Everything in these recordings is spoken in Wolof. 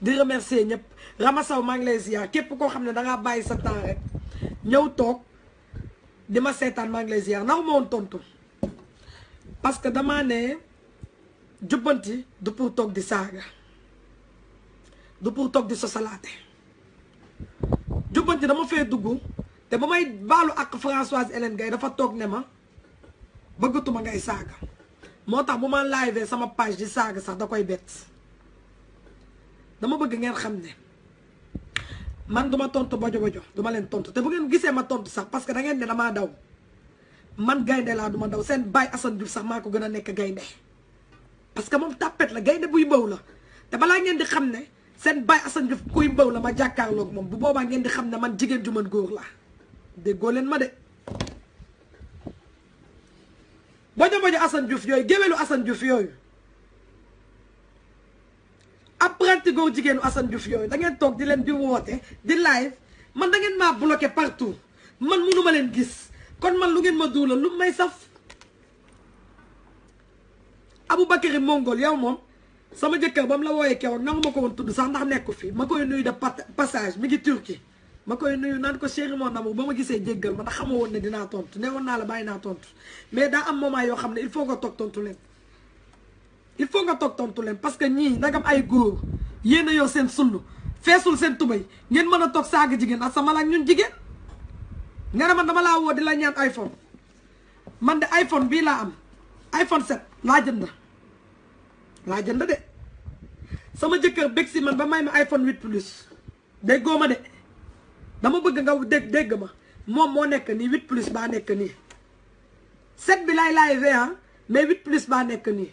di remercier ñëpp ramasaw maa ngi lay ziar képp koo xam ne dangaa bàyyi sa temps rek ñëw toog di ma seetaan maa ngi lay ziar naw ma woon tontu parce que damaa ne jubbanti du pour toog di saaga du pour toog di sosalaate jubbanti dama fee dugg te ba may baalu ak Françoise Hélène Gaye dafa toog ne ma bëggatuma ngay saaga moo tax bu ma live sama page di saaga sax da koy bett dama bëgg ngeen xam ne man duma tontu bojo bojo duma leen tontu te bu ngeen gisee ma tontu sax parce que da ngeen ne dama daw man gaynde la duma daw seen bay Assane Diouf sax mako gëna nek gaynde parce que mom tàppet la gaynde buy bëw la te bala ngeen di xam ne seen Assane Diouf kuy bëw la ma ak mom bu boba ngeen di xam ne man jigéen ju mën leen ma de bojo bojo Assane yoy Assane yoy apprenti góor jigéenu Assane Diouf yooyu da ngeen toog di leen di woote di live man da ngeen maa bloqué partout man munu ma leen gis kon man lu ngeen ma duula lu may saf Aboubacry Mongol yow moom sama jëkkër ba mu la wooyee keroog nangu ma ko woon tudd sax ndax nekku fi ma koy nuyu de passage mi ngi Turquie ma koy nuyu naan ko chéri mon ba ma gisee jéggal ma ndax xamoo woon ne dinaa tontu ne woon naa la bàyyi naa tontu mais daa am moment yoo xam ne il faut nga toog tontu leen il faut nga tok tontu len parce que ñii nagam ay góor yéen yo sen sunu fessul sen tubay ngeen meuna tok saga jigen jigéen asama la ñun jigen nga na man dama la wo di la ñaan iphone man de iphone bi la am iphone 7 la jënd la jënd de sama jëkkeur bexi man ba may ma iphone 8 plus de goma de dama bëgg nga deg deg ma mom mo nek ni 8 plus ba nek ni 7 bi lay laay hein ah. mais 8 plus ba nek ni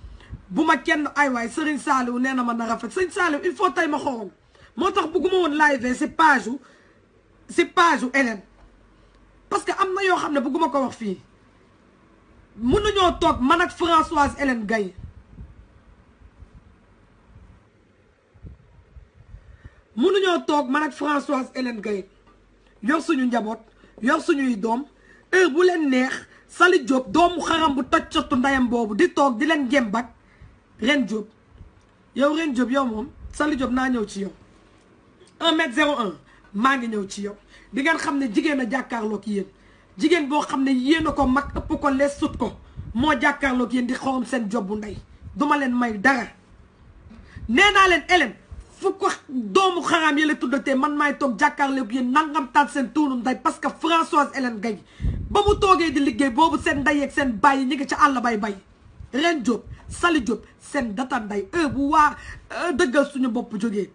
buma kenn ay way Serigne salou neena ma na rafet Serigne salou il faut tay ma xorom vous buguma won live c'est page pas page Vous Hélène parce que amna yo xamne buguma ko wax fi man ak Françoise Hélène Gay man ak Françoise Hélène Gay yor suñu yor suñuy heure bu neex Sali Job, Dom xaram bu toccatu ndayam bobu di tok di len Ren job, yow Ren job yow moom Sally Diop naa ñëw ci yow 1 m 01 maa ngi ñëw ci yow di ngeen xam ne jigéen a jàkkaarloog yéen jigéen boo xam ne yéen a ko mag ëpp ko lees sut ko moo jàkkaarloog yéen di xawam seen job bu ndey duma leen may dara nee naa leen Hélène fu ko doomu xaraam yële tuddatee man maay toog jàkkaarloog yéen nangam taat seen tuunum nday parce que Françoise Ellen Gaye ba mu toogee di liggéey boobu seen ndey ak seen bàyyi ñi ngi ca àll bay bay Reine Diop Sali Diop seen data nday e bu waa e, dëggal suñu bopp jógee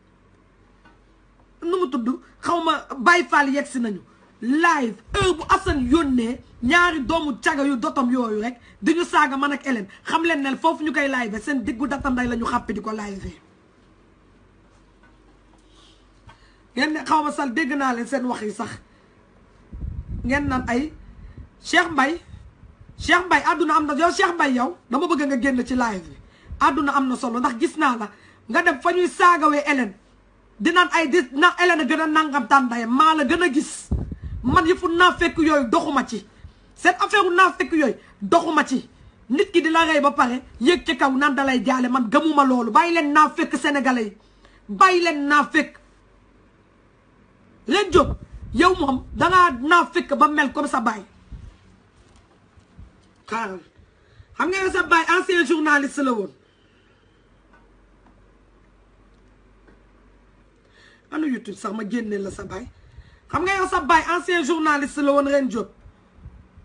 nu mu tudd xawma ma Baye Fall si nañu live heure bu Assane yónnee ñaari doomu caga yu dotam yooyu rek di ñu saaga man ak Hélène xam leen ne foofu ñu koy live seen diggu datanday la ñu xàppi di ko live ngeen ne xawma sal dégg naa leen seen wax yi sax ngeen naan ay Cheikh Mbaye Cheikh Mbaye àdduna am na yow Cheikh Mbaye yow dama bëgg nga génn ci live àdduna am na solo ndax gis naa la nga dem fa saagawee Hélène dinaan ay di na Hélène gën a nangam tàndaye maa la gën a gis man yëfu naa fekk yooyu doxuma ci seen affaire naa fekk yooyu doxuma ci nit ki di la rey ba pare yéeg ci kaw nan dalay jaale man gëmuma loolu bay leen naa fekk sénégalais yi bàyyi leen naa fekk leen jóg yow moom dangaa naa fekk ba mel comme sa baay xaaral xam nga yow sa baay ancien journaliste la woon ana YouTube sax ma génne la sa baay xam nga yow sa baay ancien journaliste la woon ren Diop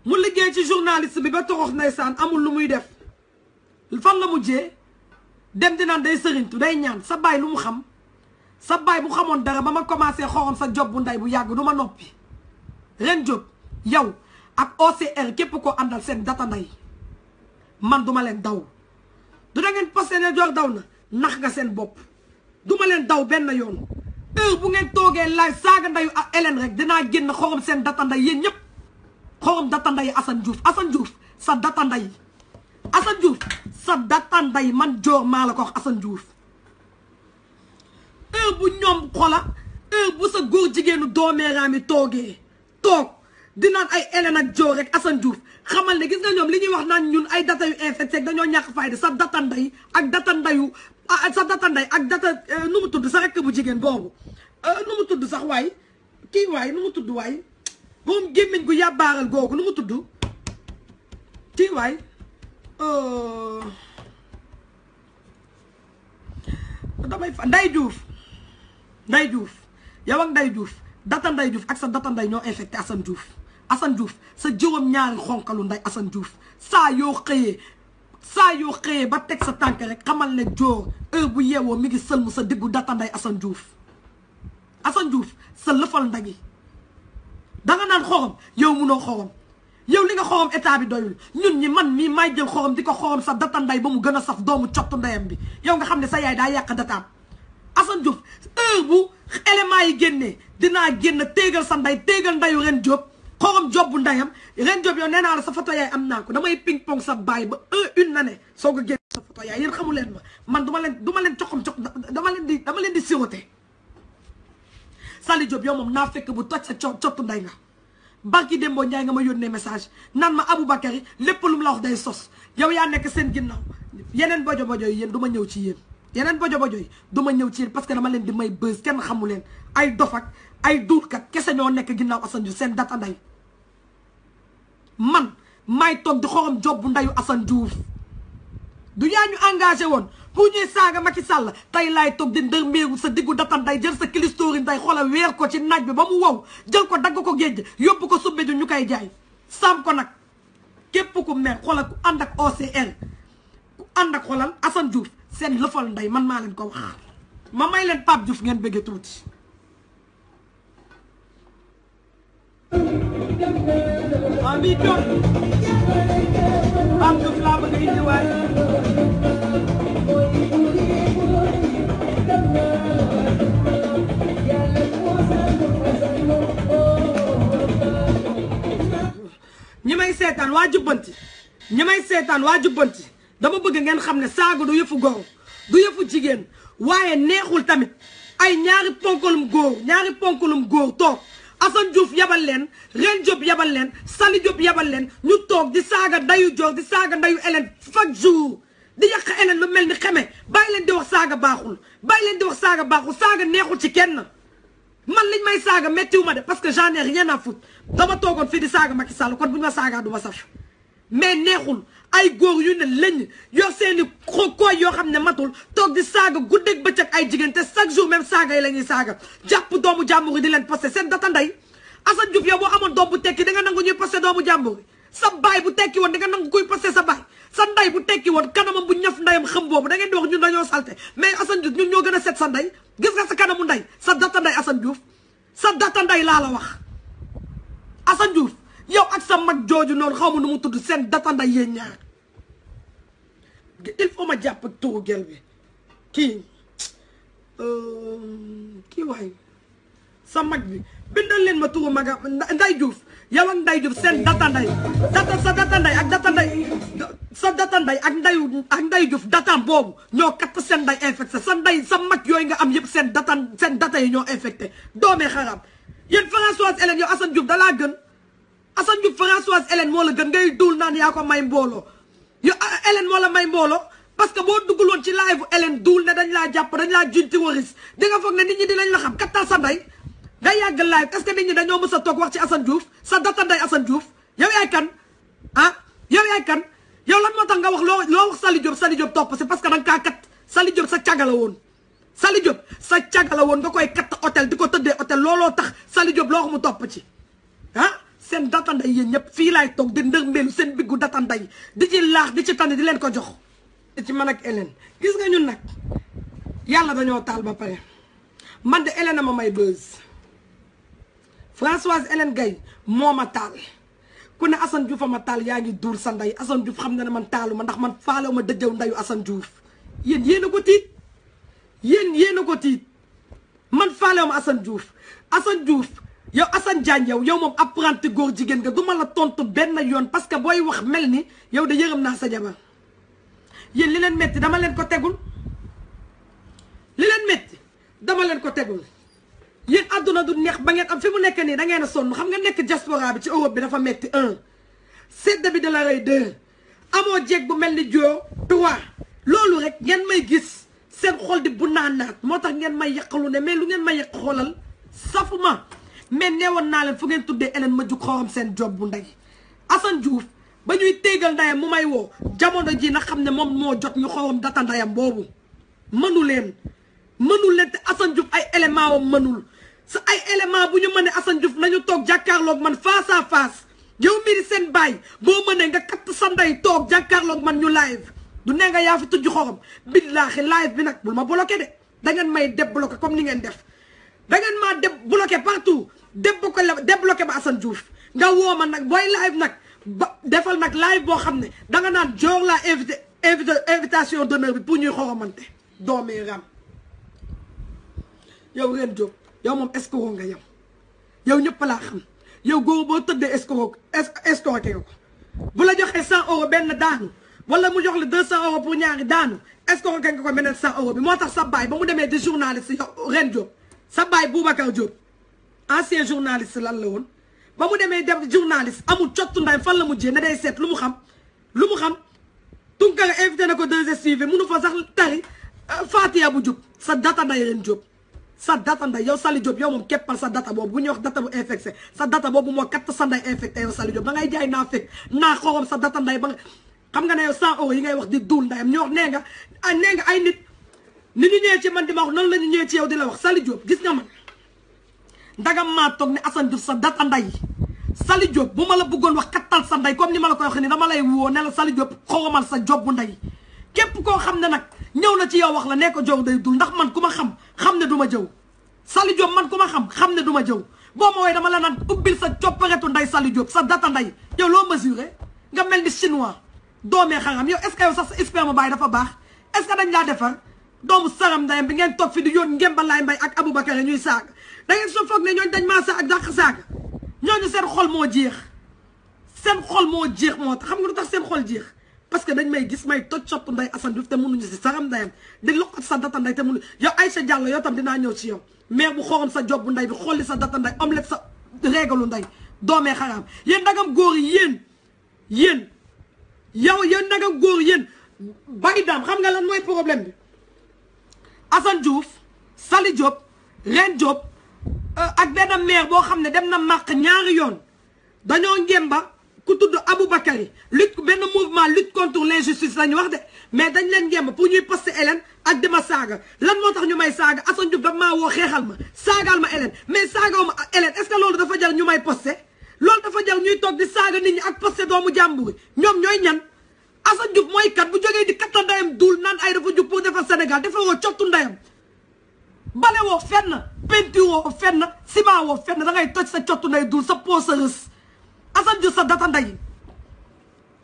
mu liggéey ci journaliste bi ba torox ndeysaan amul lu muy def fan la mujjee dem di naan day sëriñtu day ñaan sa baay lu mu xam sa baay bu xamoon dara ba ma commencé xorom sa job bu ndey bu yàgg du ma noppi ren Diop yow ak OCR képp koo àndal seen data nday man duma leen daw du da ngeen posté ne joor daw na nax nga seen bopp duma leen daw benn yoon heure bu ngeen toogee live saaga ndayu ak Hélène rek dinaa génn xorom seen data nday yéen ñëpp xorom data nday Assane Diouf Assane Diouf sa data nday sa data man joor maa la ko wax Assane Diouf heure bu ñoom xola heure bu sa góor jigéenu doomeeraam yi toogee toog di naan ay Hélène ak Joe rek Assane xamal ne gis nga ñoom li ñuy wax naan ñun ay data yu infecté dañoo ñàkk fayda sa data nday ak data ndayu ah, ah, sa data nday ak data euh, nu mu tudd sa rek bu jigéen boobu euh, nu mu tudd sax waay kii waay nu mu tudd waay moom gémmiñ gu yàbbaaral googu nu mu tudd kii waay euh, damay fa nday Diouf nday Diouf yow ak nday Diouf data nday Diouf ak sa data nday ñoo infecté Assane Diouf Assane Diouf sa jëwam ñaari xonkalu nday Assane Diouf saa yoo xëyee saa yoo xëyee ba teg sa tànk rek xamal ne joor heure bu yeewoo mi ngi sëlmu sa diggu data nday Assane Diouf Assane sa lëfal ndagi danga naan xorom yow munoo xorom yow li nga xorom état bi doyul ñun ñi man mii may jël di ko xorom sa data nday ba mu gën a saf doomu cottu ndeyam bi yow nga xam ne sa yaay daa yàq dataam Assane bu élément yi génnee dinaa génn téegal sa nday téegal ndayu ren Diop xorom job bu ndayam ren job yow nee naa la sa photo yaay am naa ko damay ping pong sa baay ba un une année soo ko génn sa photo yaay yéen xamu leen ma man duma leen duma leen coxam cox dama leen di dama leen di siroté Sali Diop yow moom naa fekk bu toj sa cottu nday nga barki Dembo Ndiaye nga ma ne message nan ma Aboubacary lépp lu mu la wax day sos yow yaa nekk seen ginnaaw yeneen bojo bojo yi yéen du ma ñëw ci yéen yeneen bojo bojo yi du ñëw ci yéen parce que dama leen di may bës kenn xamu ay dof ay duutkat kese ñoo nekk ginnaaw Assane Diouf seen data nday man may toog di xorom job bu ndayu Assane Diouf du yaa ñu engagé woon pour ñuy saaga ci Sall tey laay toog di ndërmeeru sa diggu datan day jël sa kilistóori day xoola weer ko ci naaj bi ba mu wow jël ko dagg ko géej yóbbu ko subbe ju ñu koy jaay sam ko nag képp ku mer xoolal ku ànd ak OCR ku ànd ak xoolal Assane Diouf seen lëfal nday man maa leen ko wax ma may leen Pape Diouf ngeen bëggee tuuti en huit tonnes ñi may seetaan waa jubbanti ñi may dama bëgg ngeen xam ne saaga du yëfu góor du yëfu jigéen waaye neexul tamit ay ñaari ponkalum góor ñaari ponkalum góor toog Assane Diouf yabal leen Reine Diop yabal leen Sali Diop yabal leen ñu toog di saaga dayu Diop di saaga ndayu Hélène chaque jour di yàq Hélène lu mel ni xeme bàyyi leen di wax saaga baaxul bàyyi leen di wax saaga baaxul saaga neexul ci kenn man liñ may saaga méttiwu ma de parce que j'en ai rien à foutre dama toogoon fi di saaga Macky Sall kon buñu ma saagaa du ma saf mais neexul ay góor yu ne lañ yor seeni kooy yoo xam ne matul toog di saaga guddeeg bëccëg ay jigéen te chaque jour même saaga yi la ñuy saaga jàpp doomu jàmbur di leen posté seen data nday Assane Diouf yow boo amoon bu tekki da nga nangu ñuy posté doomu jàmbur yi sa baay bu tekki woon da nga nangu kuy posté sa baay sa nday bu tekki woon kanamam bu ñaf ndayam xam boobu da ngeen di wax ñun dañoo salté mais Assane Diouf ñun ñoo gën a set sa nday gis nga sa kanamu nday sa data nday Assane Diouf sa data nday laa la wax Assane Diouf yow ak sa mag jooju noonu xaw ma nu mu tudd seen datanda yéen ñaar il faut ma jàpp turu gel bi kii euh, kii waay sa mag bi bindal leen ma turu maga Nday Diouf yow ak Nday Diouf seen datanday data sa datanday ak datanday sa datanday ak ndayu ak Nday Diouf datan boobu ñoo katt seen nday infecté sa nday sa mag yooyu nga am yëpp seen datan seen data yi ñoo infecté doomee xaraam yéen Françoise Hélène yow Assane Diouf dalaa gën Assane Diouf Françoise Hélène moo la gën ngay duul naan yaa ko may mbooloo yo ah, Hélène moo la may mbooloo parce que boo duggul woon ci live Hélène duul ne dañ laa jàpp dañ laa junti waris di nga foog ne nit ñi dinañ la xam kattan sa ndey ngay yàgg live est que nit ñi dañoo mës a toog wax ci Assane Diouf sa data ndey Assane Diouf yow yaay kan ah yow yaay kan yow lan moo tax nga wax loo loo wax Sali Diop Sali Diop topp c'est parce que danga kaa kat Sali Diop sa cagala woon Sali Diop sa cagala woon nga koy katt hôtel di ko tëddee hôtel looloo tax Sali Diop loo xam mu topp ci ah seen data nday yéen ñëpp fii laay toog di ndërmbeelu seen biggu data nday di ci laax di ci tànn di leen ko jox di ci man ak Hélène gis nga ñun nag yàlla dañoo taal ba pare man de Hélène a ma may buzz Françoise Hélène Gaye moo ma taal ku ne Assane Diouf a taal yaa ngi duur sa nday Assane Diouf xam na ne man taalu ma ndax man faalewu ma dëjëw ndayu Assane Diouf yéen yéen a ko tiit yéen yéen ko tiit man faalewu ma Assane Diouf Assane Diouf yow Assane Diagne yow yow moom apprenti góor jigéen nga du ma la tontu benn yoon parce que booy wax mel ni yow da yërëm naa sa jabar yéen li leen metti dama leen ko tegul li leen métti dama leen ko tegul yéen àdduna du neex ba ngeen am fi mu nekk nii da ngeen a sonn xam nga nekk diaspora bi ci Europe bi dafa métti un sedd bi dala la rey deux amoo jeeg bu mel ni joo trois loolu rek ngeen may gis seen xol di bu naanaat moo tax ngeen may yàqalu ne mais lu ngeen may yàq xoolal safuma mais neewoon naa leen fu ngeen tuddee eleen ma jug xorom seen job bu ndey Assane Diouf ba ñuy téegal ndayam mu may woo jamono ji na xam ne moom moo jot ñu xorom data ndayam boobu mënu leen mënul leen te Assane Diouf ay élément wam mënul sa ay élément bu ñu mënee Assane Diouf nañu toog jàkkaarloog man face à face yow mii seen baay boo mënee nga katt sa ndey toog jàkkaarloog man ñu live du ne nga yaa fi tujj xorom billaahi live bi nag bul ma bloqué de da ngeen may débloqué comme ni ngeen def da ngeen maa débloqué partout débloqué la débloqué ba Assane Diouf nga woo ma nag booy live nag ba defal nag live boo xam ne danga naan joor laa invité invité invitation d'honneur bi pour ñuy xoromante doomi ram yow Reine Diop yow moom escroc nga yow yow ñëpp laa xam yow góor boo tëddee escroc escroqué nga ko bu la joxee cent euros benn daanu wala mu jox la deux cent euros pour ñaari daanu escroqué nga ko beneen cent euros bi moo tax sa baay ba mu demee di journaliste yow Reine Diop sa baay Boubacar Diop ancien journaliste lan la woon ba mu demee dem journaliste amul cottu ndaay fan la mujjee ne day seet lu mu xam lu mu xam Tunkara invité na ko 2STV munu fa sax tari euh, Fatia bu jub sa data nday leen jub sa data nday yow Sali Diop yow moom keppal sa data boobu bu ñuy wax data bu infecté sa data boobu moo kat sa nday infecté yow Sali Diop ba ngay jaay na fekk naa xorom sa data nday ba nga xam nga ne yow 100 euros yi ngay wax di duul ndayam ñoo wax nee nga nee nga ay nit ni ñu ñëwee ci man di ma wax la ñu ñëwee ci yow di la wax Sali Diop gis nga man ndagam maa toog ne assan Diouf sa data nday Sali Diop bu ma la bëggoon wax kattal sa nday comme ni ma la ko waxee ni dama lay woo ne la Sali Diop xoomal sa job bu nday képp koo xam ne nag ñëw na ci yow wax la nee ko jow day dul ndax man ku ma xam xam ne du ma jëw Sali Diop man ku ma xam xam ne du ma jëw boo ma wooye dama la naan ubbil sa copparetu nday Sali Diop sa data nday yow loo mesuré nga mel ni chinois doomee xaram yow est ce que yow sax sa sperme baay dafa baax est ce que dañ laa defar doomu saram ndayam bi ngeen toog fi di yoon ngembalaay mbay ak Aboubacar ñuy saaga dañu ngeen fogg ne ñoo dañ ma sa ak dàq ñoo ñu seen xol mo jeex seen xol mo jeex mo xam nga lu tax seen xol jeex parce que dañ may gis may toj chop nday asan duuf te mënu ñu ci saxam ndayam di loxo sa data nday te mënu yow Aïcha Diallo yow tam dina ñëw ci yow mais bu xorom sa job nday bi xolli sa data nday omelette sa régalu nday doomee xaram yéen dagam góor yéen yéen yow yéen dagam góor yéen bari daam xam nga lan moy problème bi asan Diouf Sali Diop ren Diop Euh, ak benn maire boo xam ne dem na maq ñaari yoon dañoo njëmba ku tudd Aboubakary lutte benn mouvement lutte contre l'injustice lañu wax de mais dañ leen njëmba pour ñuy poster Hélène ak dama saaga lan moo tax ñu may saaga Assane Diouf daf maa woo xeexal ma saagaal ma Hélène mais saagaw ma Hélène est-ce que loolu dafa jar ñu may poster loolu dafa jar ñuy toog di saaga nit ñi ak poster doomu jàmbur ñoom ñooy ñan Assane Diouf mooy kat bu jógee di katta ndayam duul naan ay dafa Sénégal dafa woo cottu ndayam bale woo fenn peinture woo fenn ciment woo fenn da ngay toj sa cottu nay dul sa po sa rës Assane sa data nday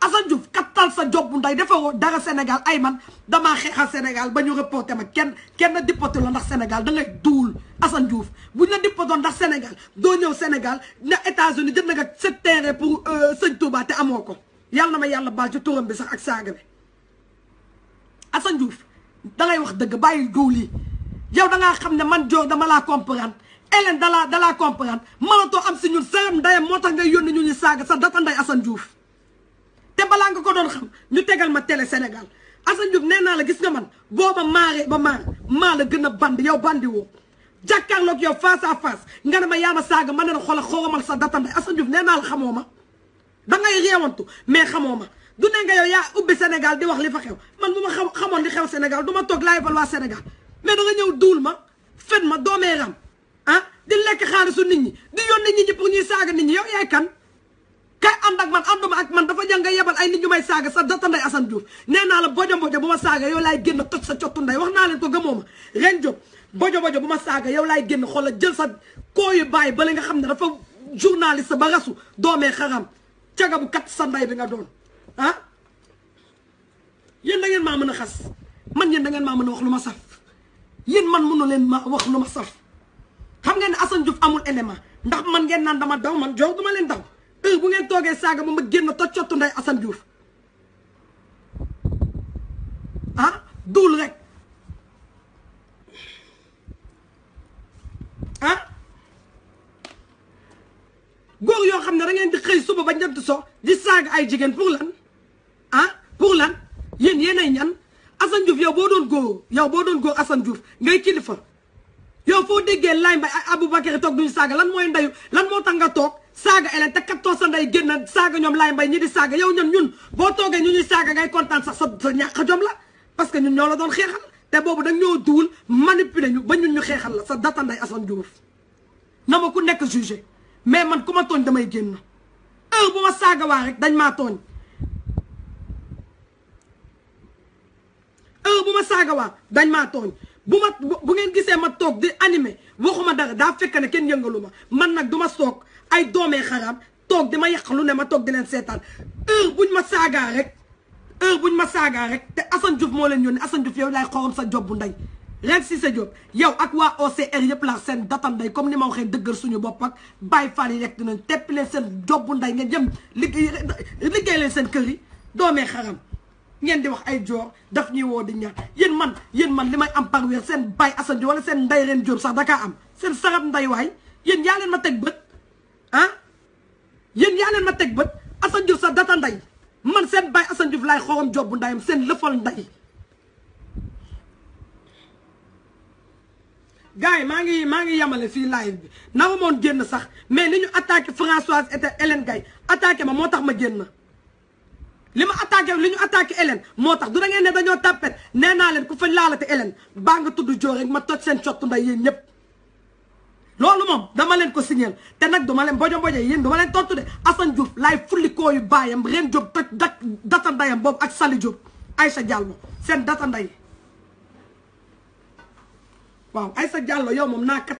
Assane Diouf kattal sa job bu nday dafa woo dara senegal ay man damaa xeexal Sénégal ba ñu reporté ma kenn kenn dippoté la ndax Sénégal da ngay duul Assane Diouf buñ la dippotoon ndax senegal doo ñëw senegal na États-Unis jënd nga sa terrain pour euh, sëñ Touba te amoo ko yàlla na ma yàlla baal ci turam bi sax ak saaga bi Assane wax dëgg bàyyi duul yi yow da ngaa xam ne man joor dama laa comprendre Hélène dalaa dalaa comprendre mënatoo am si ñun sa ndayam moo tax ngay yónni ñu ñu saaga sa data nday Assane Diouf te balaa nga ko doon xam ma télé Sénégal Assane Diouf nee naa la gis nga man boo ma maaree ba maar maa la gën a bandi yow bandi woo jàkkaarloog yow face à face nga ne ma yaa ma saaga ma ne la xoolal xoromal sa data nday Assane Diouf ne naa la xamoo ma da ngay réewantu mais xamoo ma du ne yow yaa ubbi Sénégal di wax li fa xew man bu ma xamoon li xew Sénégal du ma toog laay bal waa Sénégal mais da nga ñew dul ma fen ma do doomeeram han ah, di lek xaalisu nit ñi di yon nit ñi pour ñuy saga nit ñi yow yaay kan kay and ak man ànduma ak man dafa jang nga yebal ay nit ñu may saga sa data nday Assane Diouf neena la bojo bojo buma saga yow lay genn toj sa ciotu nday wax na len ko gëmoo ren Diop bojo bojo buma saga yow lay genn xol la jël sa koyu bay ba bale nga xam ne dafa journaliste ba rasu do me xaram caga bu kat sa nday bi nga doon han ah? yeen da ngeen ma mën xass man yéen da ngeen ma mën wax luma saf yeen man mënu len ma wax lu ma saf xam ngeen Assane djouf amul enema ndax man ngeen nan dama daw man jox duma daw heure bu ngeen toge saga mo ma genn to ciotu nday Assane djouf ah doul rek ah góor yo xamne da ngeen di xey suba ba njant so di saga ay jigen pour lan ah pour lan yeen yeenay ñan Assane Diouf yow boo doon góor yow boo doon góor Assane Diouf ngay kilifa yow foo déggee laay mbay ak Aboubacry toog ñu saaga lan mooy ndeyu lan moo tax nga toog saaga elen te kattoo sa nday génn saaga ñoom lay mbay ñi di saaga yow ñun ñun boo toogee ñu ñuy saaga ngay kontaan sax sa sa ñàkk jom la parce que ñun ñoo la doon xeexal te boobu dañ ñoo i manipuler ñu ba ñun ñu xeexal la sa data nday Assane Diouf na ma ku nekk jugé mais man ku ma tooñ damay génn heure bu ma saaga waa rek dañ maa heure bu ma saaga waa dañ maa tooñ bu ma bu ngeen gisee ma toog di animé waxuma dara daa fekk ne kenn yëngalu ma man nag du ma soog ay doome xaraam toog di ma yàq lu ne ma toog di leen seetaan heure buñ ma saagaa rek heure buñ ma saagaa rek te Assane Diouf moo leen yónni Assane Diouf yow laay xorom sa job bu ndey si Cissé Diop yow ak waa OCR yëpp la seen datam ndey comme ni ma waxee dëggal suñu bopp ak Baye Fall yi rek dinañ teppi leen seen job bu ndey ngeen jëm liggéey liggéey seen kër yi doomee xaram ngeen di wax ay joor daf ñuy woo di ñaan yéen man yéen man li may am par weer seen bay Assane Diop wala seen nday leen Diop sax dakaa am seen sarab nday waay yéen yaa leen ma teg bët ah yéen yaa teg bët Assane Diop sax data nday man seen bay Assane Diouf laay xorom job bu ndayam seen lëfal nday gars yi maa ngi maa ngi yemale fii live bi nawa moon génn sax mais ni ñu attaqué Françoise et Hélène Gaye attaqué ma moo tax ma génn li ma attaqué li ñu attaqué Hélène moo tax du da ngeen ne dañoo tàppet nee naa leen ku fa laalate Hélène baa nga tudd joo rek ma toj seen cottu nday yéen ñëpp loolu moom dama leen ko signal te nag duma leen bojo bojo yéen duma leen tontu de Assane Diouf laay fulli koo yu baayam ren Diop toj da data ndayam boobu ak Sali Diop Aïssa Diallo seen data nday sa Aïssa Diallo yow moom naa